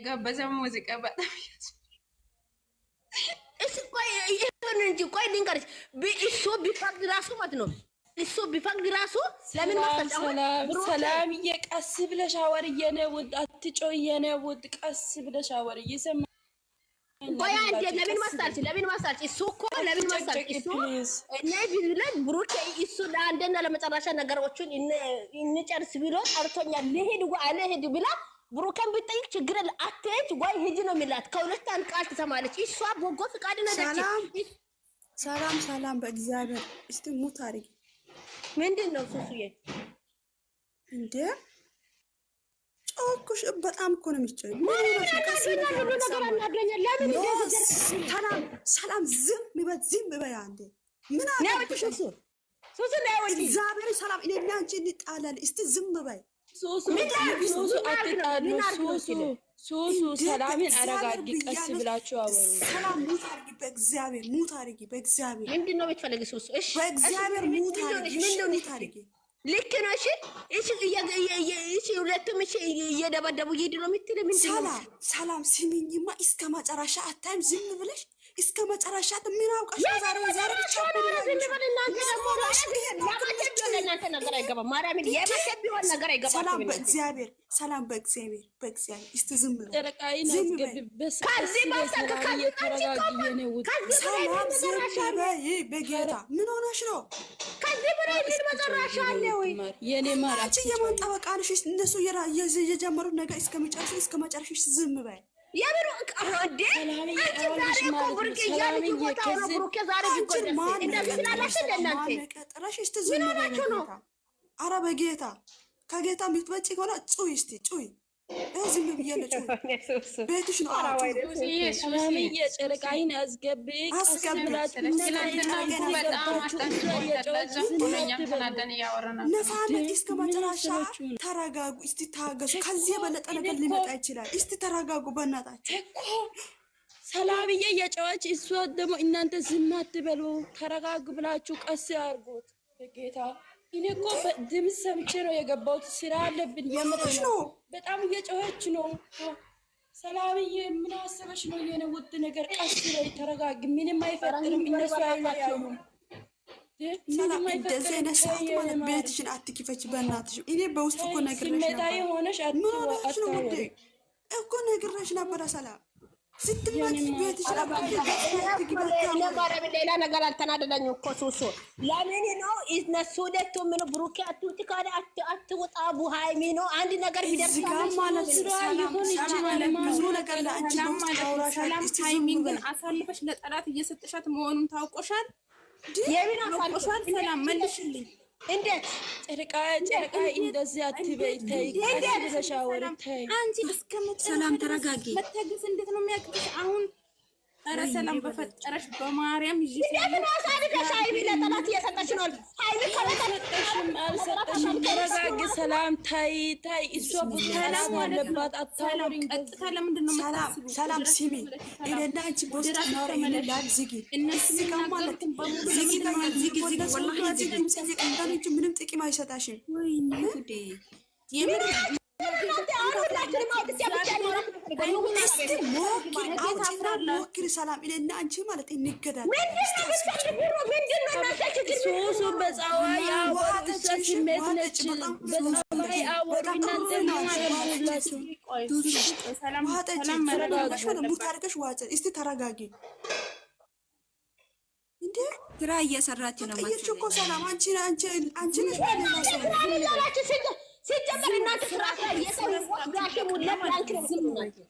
የጋበዘ ሙዚቃ በጣም እሺ፣ ቆይ ይሁን እንጂ ቆይ ልንገርሽ፣ እሱ ቢፈቅድ ራሱ ማለት ነው እሱ ቢፈቅድ ራሱ ለምን ሰላም እየቀስ ብለሽ አወር እየነውድ አትጮ እየነውድ ቀስ ብለሽ አወር እየሰማ ቆያ እንዴ ለምን ማሳልች ለምን ማሳልች እሱ እኮ ለምን ማሳልች እሱ እኔ ቢዝነስ ብሩክ እሱ ለአንደና ለመጨረሻ ነገሮችን እንጨርስ ብሎ ጠርቶኛል ልሄድ አልሄድ ብላ ብሩኬን ብጠይቅ ችግር የለ አትሄጅ ወይ ሂጂ ነው የሚላት። ከሁለት አንድ ቃል ትሰማለች። እሷ በጎ ፍቃድ ነደች። ሰላም ሰላም፣ በእግዚአብሔር እስቲ ሙት አድርጊ። ምንድን ነው ሱሱዬ? እንደ ጮኩሽ በጣም እኮ ነው የሚጮኝ። ሰላም ሰላም፣ ዝም ይበል፣ ዝም ይበል። አንዴ ምን አለ ሱሱ ሱሱ ነው ያወልኝ። እግዚአብሔር ሰላም፣ እኔ እና አንቺ እንጣላለን። እስቲ ዝም በይ ሶሱ ሰላምን አረጋጊ። ቀስ ብላችሁ አወሩ። ሰላም ሙት አርጊ፣ በእግዚአብሔር ሙት አርጊ፣ በእግዚአብሔር ምንድን ነው የምትፈልጊ? ሶሱ እሺ፣ በእግዚአብሔር ሙት አርጊ፣ አርጊ። ልክ ነው። እሺ፣ እሺ፣ ሁለቱም እሺ፣ እየደበደቡ እየሄዱ ነው ምንድን ነው? ሰላም ሰላም፣ ስሚኝማ፣ እስከ መጨረሻ አታይም ዝም ብለሽ እስከ መጨረሻ ምን ዛሬ ዛሬ ብቻ በእግዚአብሔር ሰላም በእግዚአብሔር በእግዚአብሔር በጌታ ምን ሆነሽ ነው? የማን ጠበቃ ነሽ? እነሱ የጀመሩት ነገር እስከሚጨርሱ እስከ መጨረሻሽ ዝም በይ። የምሩ እንዴ አንቺ ዛሬ እኮ ብሩኬ እያልኩ ቦታው ነው። ብሩኬ ዛሬ ቢጎደስ እንደዚህ ስላላችሁ ለእናንተ ጥራሽ ነው። አረ በጌታ ከጌታ የምትመጪ ከሆነ ጩይ እስቲ ጩይ ዝም ብያለች። ነው ጨረቃይን አስገቢ ነፋነት እስከ መጨረሻ ተረጋጉ። እስቲ ታገሱ። ከዚህ የበለጠ ነገር ሊመጣ ይችላል። እስቲ ተረጋጉ በእናታችሁ እኮ ሰላምዬ የጨዋች እሷ ደግሞ እናንተ ዝም አትበሉ፣ ተረጋጉ ብላችሁ ቀስ አድርጉት ጌታ እኔ እኮ ድምፅ ሰምቼ ነው የገባሁት። ስራ አለብን። ነው። በጣም እየጮኸች ነው። ሰላምዬ ምን አሰበሽ ነው? የሆነ ውድ ነገር ቀስ ላይ ተረጋግ። ምንም አይፈጥርም። እነሱ ቤትሽን አትክፈች። በእናትሽ እኔ በውስጥ እኮ ነግሬሽ ነበር እኮ ነግሬሽ ነበረ ሰላም ስትማማረብ ሌላ ነገር አልተናደደኝ እኮ ሱሱ ለምን ነው እነሱ ሁለቱ ምን ብሩኬ አትውጭ ካለ አትውጣ ቡሃይሚ ነው አንድ ነገር ቢደርሳሰላም አሳልፈሽ ለጠላት እየሰጠሻት መሆኑን ታውቆሻል። የምን አሳልቆሻል? ሰላም መልሽልኝ እንዴት ጨርቃ ጨርቃ እንደዚህ አትበይ፣ ተይ ተይ አንቺ እስከ ሰላም፣ ተረጋጊ። መታገስ እንዴት ነው የሚያቅትሽ አሁን? ኧረ ሰላም በፈጠረሽ በማርያም ይዤ እንደምን አሳልፈሽ አይቢ ለጠላት እየሰጠሽ ሰላም ታይ ታይ እሷ ሰላም አለባት። ሰላም? ስሚ እኔና አንቺ በውስጥ እናወራ። ዝጊ ዝጊ ምንም ጥቅም አይሰጣሽም። ሞክሪ አውጪ ሞክሪ ሰላም፣ እኔና አንቺ ማለት እንገዳለን። ሱሱ በፀዋይ አወሩት እስቲ ተረጋጊ። እንዴ ስራ እየሰራች ነው ማለት እኮ ሰላም። አንቺ አንቺ አንቺ ሲጀመር እናንተ ስራ ላይ ዝም ናቸው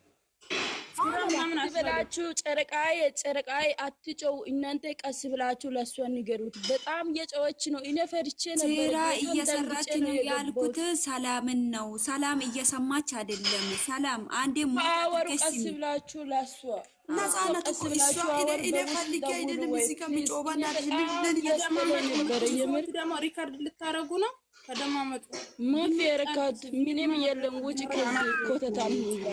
ብላችሁ ጨረቃዬ ጨረቃዬ አትጨው እናንተ ቀስ ብላችሁ ለእሷ ንገሩት። በጣም የጨወች ነው። እኔ ፈርቼ ነበር። ስራ እየሰራች ነው ያልኩት ሰላምን ነው። ሰላም እየሰማች አይደለም። ሰላም አንዴ ወሩ ቀስ ብላችሁ ለእሷ ነጻነት እሷ እኔ ፈልጌ አይደለም እዚህ ከምጮባና ደግሞ ሪካርድ ልታረጉ ነው። ተደማመጡ። ምን ሪካርድ ምንም የለም። ውጭ ከዚህ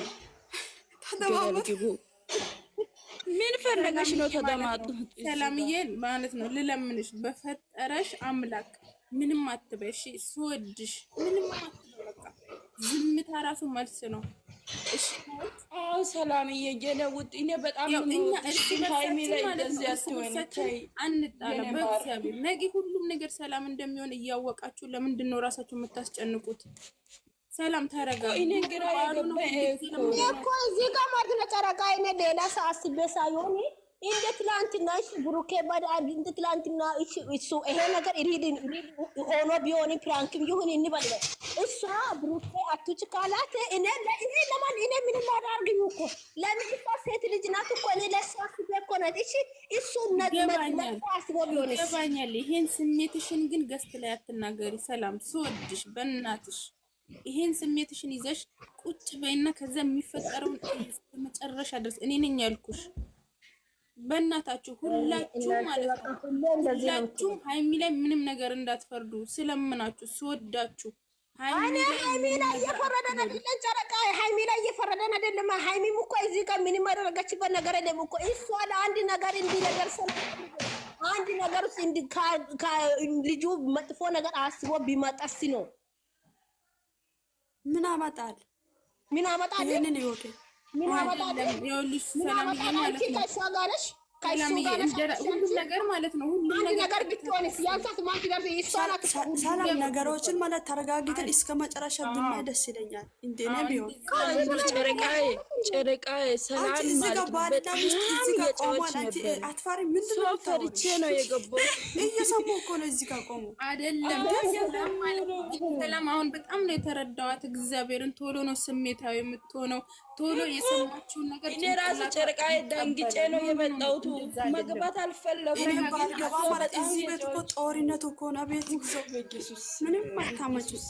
ምን ፈለገሽ ነው ተደማጡት? ሰላምዬን ማለት ነው ልለምንሽ፣ በፈጠረሽ አምላክ ምንም አትበሽ፣ ስወድሽ ምንም አትበሽ። በቃ ዝምታ ራሱ መልስ ነው። እሺ አዎ ሰላምዬ፣ የለውጥ እኔ በጣም እኛ እሺ ታይሚ ላይ እንደዚህ አትወንቻይ አንጣለ። በእግዚአብሔር ነገ ሁሉም ነገር ሰላም እንደሚሆን እያወቃችሁ ለምንድን ነው ራሳችሁ የምታስጨንቁት? ሰላም ተረጋ እኮ እዚህ ጋር ማለት ነው። ጨረቃ እኔ ሌላ ሰው አስቤ ሳይሆን እንደ ትላንትና እሺ፣ ብሩኬ ባዳድ እንደ ትላንትና እሺ፣ እሱ ይሄ ነገር ሪድ ሆኖ ቢሆን ፕራንክም ይሁን እንበል፣ እሷ ብሩኬ አትች ካላት እኔ ለእኔ ለማን እኔ ምን ላደርግኝ እኮ ለምን እሷ ሴት ልጅ ናት እኮ እኔ ለእሷ አስቤ እኮ ናት። እሺ፣ እሱ ነጥመጥመጥ አስቦ ቢሆን ይገባኛል። ይሄን ስሜትሽን ግን ገስት ላይ አትናገሪ። ሰላም ስወድሽ በእናትሽ ይሄን ስሜትሽን ይዘሽ ቁጭ በይና ከዛ የሚፈጠረውን መጨረሻ ድረስ እኔ ነኝ ያልኩሽ። በእናታችሁ ሁላችሁ ማለት ነው ሁላችሁም ሀይሚ ላይ ምንም ነገር እንዳትፈርዱ ስለምናችሁ ስወዳችሁ። ሀይሚ ላይ እየፈረደን አይደለም፣ ጨረቃ ሀይሚ ላይ እየፈረደን አይደለም። ሀይሚም እኮ እዚህ ጋር ምንም ያደረገችበት ነገር የለም እኮ እሷ ለአንድ ነገር እንዲህ ነገር አንድ ነገር ልጁ መጥፎ ነገር አስቦ ቢመጣስ ነው ምን አመጣል? ምን አመጣል? ምን ይወጡ ምን አመጣል? ይኸውልሽ ሰላምዬ ማለት ነው ሁሉም ነገር ሰላም ነገሮችን ማለት ተረጋግተን እስከ መጨረሻ ብናይ ደስ ይለኛል። እንደኔ ቢሆን ጨረቃዬ፣ ሰላም ማለት አትፈሪ ምንድን ፈርቼ ነው የገባሁት። እየሰማሁ እኮ ነው። እዚህ ጋር ቆሙ አይደለም። ሰላም አሁን በጣም ነው የተረዳኋት። እግዚአብሔርን ቶሎ ነው ስሜታዊ የምትሆነው፣ ቶሎ የሰማችውን ነገር እኔ ራሱ ጨረቃዬ ደንግጬ ነው የመጣሁት መግባት አልፈለጉም። እዚህ ቤት እኮ ጦርነት እኮ ነው። ቤት ምንም አታመጭም።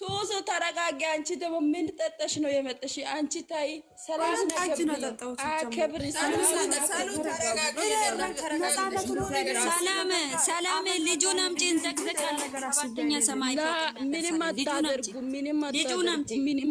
ሱስ ተረጋጊ። አንቺ ደግሞ ምን ጠጠሽ ነው የመጠሽ? አንቺ ታይ ሰላም አከብሪ። ሰላም ልጁን አምጪ። እንዘቅዘቃለን። ምንም ምንም አታደርጉ። ምንም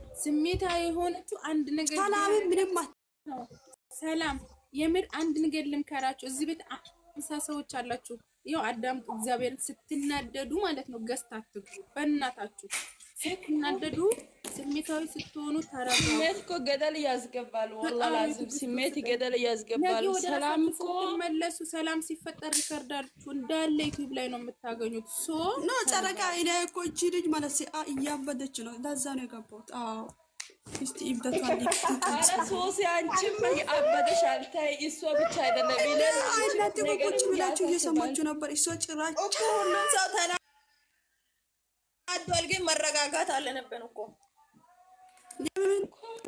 ስሜታ የሆነችው አንድ ነገር ሰላም፣ ምንም ሰላም፣ የምር አንድ ነገር ልምከራችሁ። እዚህ ቤት አምሳ ሰዎች አላችሁ። ያው አዳምጡ፣ እግዚአብሔርን ስትናደዱ ማለት ነው። ገዝታችሁ በእናታችሁ ስትናደዱ ስሜታዊ ስትሆኑ ተረዱ። ስሜት እኮ ገደል እያስገባል። ወላሂ ስሜት ገደል እያስገባል። ሰላም እኮ መለሱ። ሰላም ሲፈጠር ሪከርዳችሁ እንዳለ ዩቲዩብ ላይ ነው የምታገኙት። ሶ ኖ ጨረቃ እኔ እኮ እቺ ልጅ ማለት እያበደች ነው። ለዛ ነው የገባሁት። አዎ እስቲ ይብደቷል። አረ ሶሲ አንቺም አበደሽ። አልታይ እሷ ብቻ አይደለም። ይሄ አይናት ቁጭ ብላችሁ እየሰማችሁ ነበር። እሷ ጭራች ሰው ተላ አዷል ግን መረጋጋት አለንብን እኮ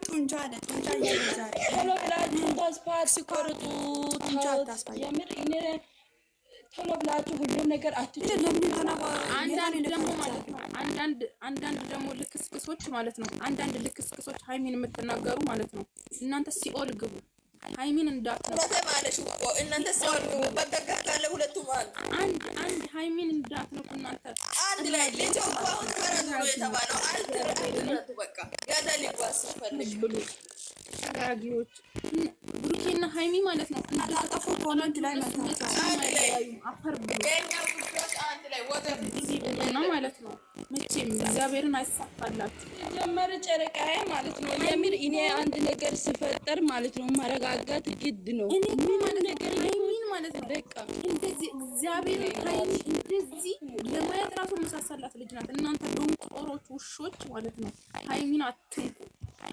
ጡንቻ ቶሎ ብላችሁ ተስፋ አትቆርጡ። የምር ቶሎ ብላችሁ ሁሉም ነገር አንዳንድ ደግሞ ማለት ነው አንዳንድ ደግሞ ልክስክሶች ማለት ነው አንዳንድ ልክስክሶች ሀይሚን የምትናገሩ ማለት ነው እናንተ ሲኦል ግቡ ሀይሚን እንዳትነኩ እናንተ ሰው በተጋታለ ሀይሚን እንዳትነኩ እናንተ አንድ ላይ ልጅ እኮ አሁን ተረዱ ነው የተባለው። አንድ ረቱ ብሩኬና ሀይሚ ማለት ነው። እንዳታጠፉ ከሆነ አንድ ላይ አፈር ብሉ ነው ማለት ነው። መቼም እግዚአብሔርን አይሳፋላችሁ። ጀመረ ጨረቃዬ ማለት ነው። የምር እኔ አንድ ነገር ስፈጠር ማለት ነው መረጋጋት ግድ ነው። ምን ነገር ምን ማለት ነው። በቃ እንደዚህ እግዚአብሔር ታይ እንደዚህ ለማየት ራሱ መሳሳላት ልጅ ናት። እናንተ ደንቆሮች ውሾች ማለት ነው። ሃይሚን አትንኩ፣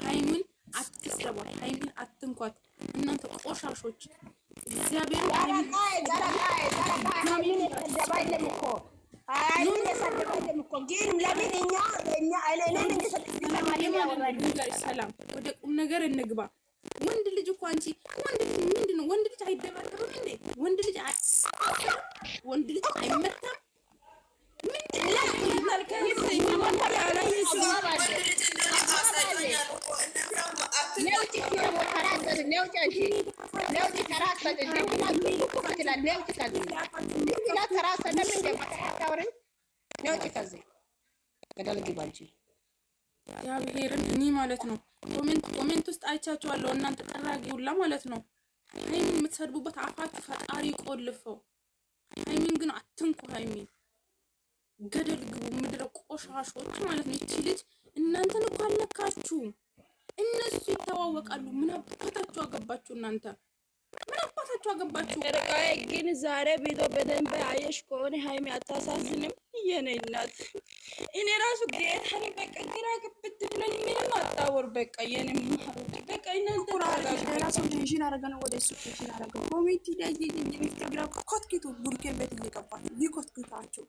ሃይሚን አትስረቧት፣ ሃይሚን አትንኳት እናንተ ቆሻሾች እግዚአብሔር ሰላም፣ ወደ ቁም ነገር እንግባ። ወንድ ልጅ እኮ አንቺ ወንድ ልጅ ምንድን ነው? ወንድ ልጅ አይደባደብም እንዴ? ወንድ ልጅ ወንድ ልጅ አይመታም? ምንድን ነው? እግዚአብሔርን እኔ ማለት ነው ኮሜንት ውስጥ አይቻችኋለሁ። እናንተ ጠራጊ ሁላ ማለት ነው ሀይሚ የምትሰድቡበት አፋችሁ ፈጣሪ ቆልፈው። ሀይሚን ግን አትንኩ። ሀይሚ ገደል ግቡ፣ ምድረ ቆሻሾች ማለት ነው። ይቺ ልጅ እናንተን እኮ አለካችሁ እነሱ ይተዋወቃሉ። ምን አባታችሁ አገባችሁ እናንተ ምን አባታችሁ አገባችሁ? ርቃዬ ግን ዛሬ ቢዶ በደንብ አየሽ ከሆነ ሀይሚ አታሳዝንም? የኔ እናት እኔ ራሱ ጌታን በቃ ግራ ግብት ብለን ምንም አታወር በቃ የኔ በቃ እናንተራሌላ ራሱ ቴንሽን አረገ ነው ወደ እሱ ቴንሽን አረገ ኮሚቲ ላይ ኢንስታግራም ኮትኪቱ ቡርኬ ቤት እየገባችሁ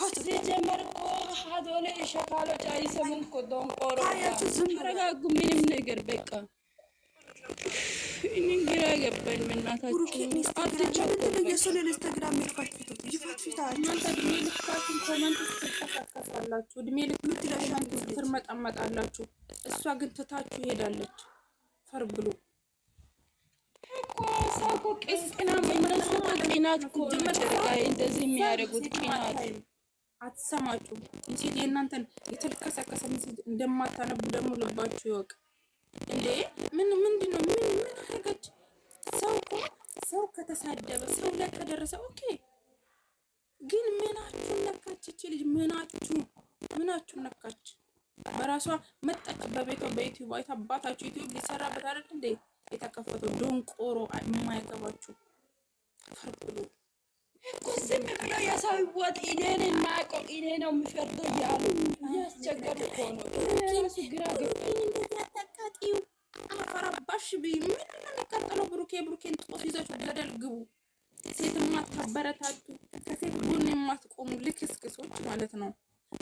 ሲጀመር እኮ ሀዶ ላይ ሸካሎች አይሰሙም እኮ ዶንቆሮ ተረጋጉ። ምንም ነገር በቃ እኔ ግራ ገባኝ። በእናታችሁ እድሜ ልክ ትርመጠመጣላችሁ። እሷ ግን ትታችሁ ሄዳለች። ፈርብሉ ሰው እኮ ቅናት፣ እንደዚህ የሚያደርጉት ቅናት አትሰማጩም እንጂ የእናንተን የተልከሰከሰ እንደማታነቡ ደግሞ ልባችሁ ይወቅ። እንዴ ምን ምንድነው? ምን ምን አረገች? ሰው እኮ ሰው ከተሳደበ ሰው ላይ ከደረሰ ኦኬ። ግን ምናችሁን ነካች? እቺ ልጅ ምናችሁ ምናችሁን ነካች? በራሷ መጣች። በቤቷ በዩቲዩብ አይታ አባታችሁ ዩቲዩብ ሊሰራበት አይደል እንዴ የተከፈተው። ዶንቆሮ የማይገባችሁ ፈርቁሉ ዝም ብሎ የሰው ህይወት እኔን እኔ ነው የሚፈርደው እያሉ እያስቸገሩ እኮ ነው። የሚቀጥለው? ብሩኬ ብሩኬን ይዘች ገደል ግቡ። ሴት ከሴት ጎን የማትቆሙ ልክስክሶች ማለት ነው።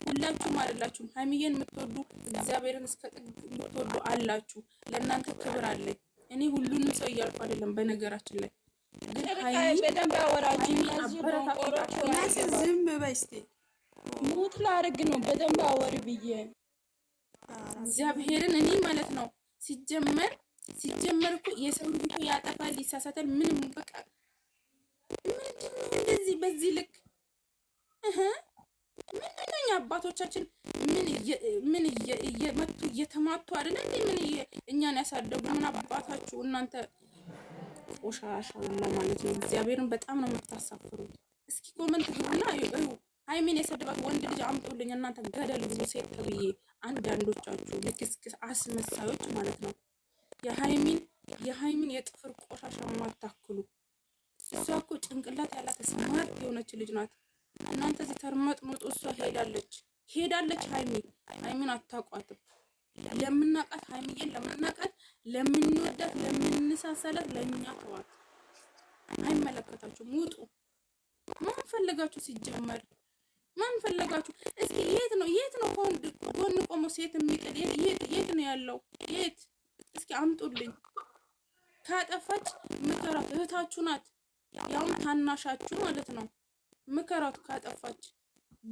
ሁላችሁም አይደላችሁም። ሀይሚዬን የምትወዱ እግዚአብሔርን እስከ ጥግ የምትወዱ አላችሁ። ለእናንተ ክብር አለኝ። እኔ ሁሉንም ሰው እያልኩ አይደለም በነገራችን ላይ ዝም በይ እስኪ ሞት ላደርግ ነው። በደንብ አወሪ ብዬ እግዚአብሔርን እኔ ማለት ነው። ሲጀመር ሲጀመር እኮ የሰው ልጅ ያጠፋል፣ ይሳሳታል። ምንም በቃ ምንድን እንደዚህ በዚህ ልክ ምንድን ነው አባቶቻችን ምን እየመቱ እየተማቱ አይደለ? ምን እኛን ያሳደጉ ምን አባታችሁ እናንተ ቆሻሻ ማለት ነው። እግዚአብሔርን በጣም ነው የምታሳፍሩት። እስኪ ኮመንት ግቡና እዩ። ሀይሚን የሰደባት ወንድ ልጅ አምጡልኝ እናንተ ገደል ጊዜ ሴት ተብዬ አንዳንዶቻችሁ ልክስክስ አስመሳዮች ማለት ነው። የሀይሚን የሀይሚን የጥፍር ቆሻሻ ማታክሉ። እሷ እኮ ጭንቅላት ያላት ስማርት የሆነች ልጅ ናት። እናንተ ሲተርመጥ መጡ። እሷ ሄዳለች ሄዳለች። ሀይሚ ሀይሚን አታቋትም። ለምናቃት ሀይሚዬን ለምን ለምንወዳት ለምንሳሰላት ለእኛ ተዋት፣ አይመለከታችሁም። ውጡ። ማን ፈለጋችሁ? ሲጀመር ማን ፈለጋችሁ? እስኪ የት ነው የት ነው ጎን ቆሞ ሴት የሚጥል የት ነው ያለው? የት እስኪ አምጡልኝ። ካጠፋች ምከራት፣ እህታችሁ ናት፣ ያውም ታናሻችሁ ማለት ነው። ምከራት ካጠፋች።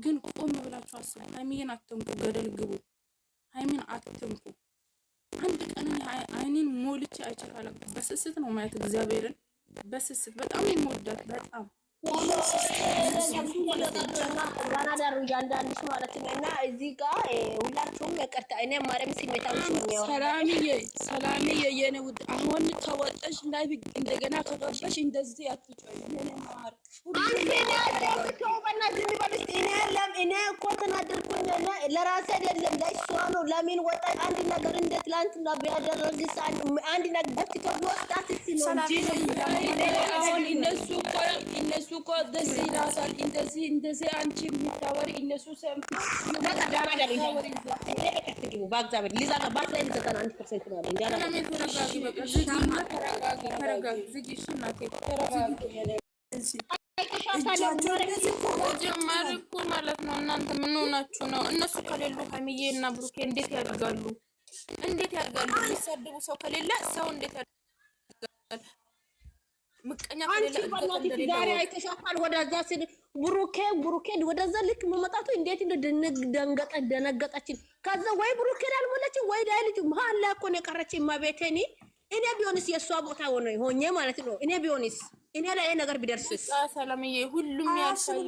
ግን ቆም ብላችሁ አስቡ። ሀይሚን አትንኩ፣ ገደል ግቡ። ሀይሚን አትንኩ። አይኔን ሞልቼ አይችላለም። በስስት ነው ማየት እግዚአብሔርን በስስት በጣም የምወዳት በጣም ዳሩ እያንዳንዱሽ ማለት ነው። እና እዚህ ጋር ሁላችሁም ይቅርታ፣ እኔ ማርያም ስሜታዊ ሰላምዬ፣ ሰላምዬ የኔ ውድ አሁን ከወጣሽ ላይ እንደገና ከገባሽ እንደዚህ አትጫወይ የኔ ማር እኔ እኮ ተናደድኩኝ። ለራሴ አይደለም ለእሷ ነው። ለምን ወጣ? አንድ ነገር እንደ ትላንትና ቢያደረግ አንድ ነገር እነሱ እኮ እንደዚህ ይላሳል። እንደዚህ እንደዚህ አንቺ የሚታወሪ እነሱ በእግዚአብሔር ጀመር እኮ ማለት ነው። እናንተ ምን ሆናችሁ ነው? እነሱ ከሌሉ ሀይሚዬ እና ብሩኬ እንዴት ያድጋሉ? እንዴት ያድጋሉ? የሚሳድቡ ሰው ከሌለ ሰው እንዴት ያድጋል? ምቀኛ ከሌለ አይተሻፋል። ወደዛ ሲል ብሩኬ ብሩኬ ወደዛ ልክ መመጣቱ እንዴት ደንገጠ ደነገጠችን። ከዛ ወይ ብሩኬ ዳልሞለችን ወይ ዳይ ልጁ መሀል ላይ እኮ ነው የቀረችን ማቤቴኒ እኔ ቢሆንስ የእሷ ቦታ ሆኜ ማለት ነው። እኔ ቢሆንስ እኔ ላይ ነገር ቢደርስስ ሰለምዬ ሁሉም ያልፋል።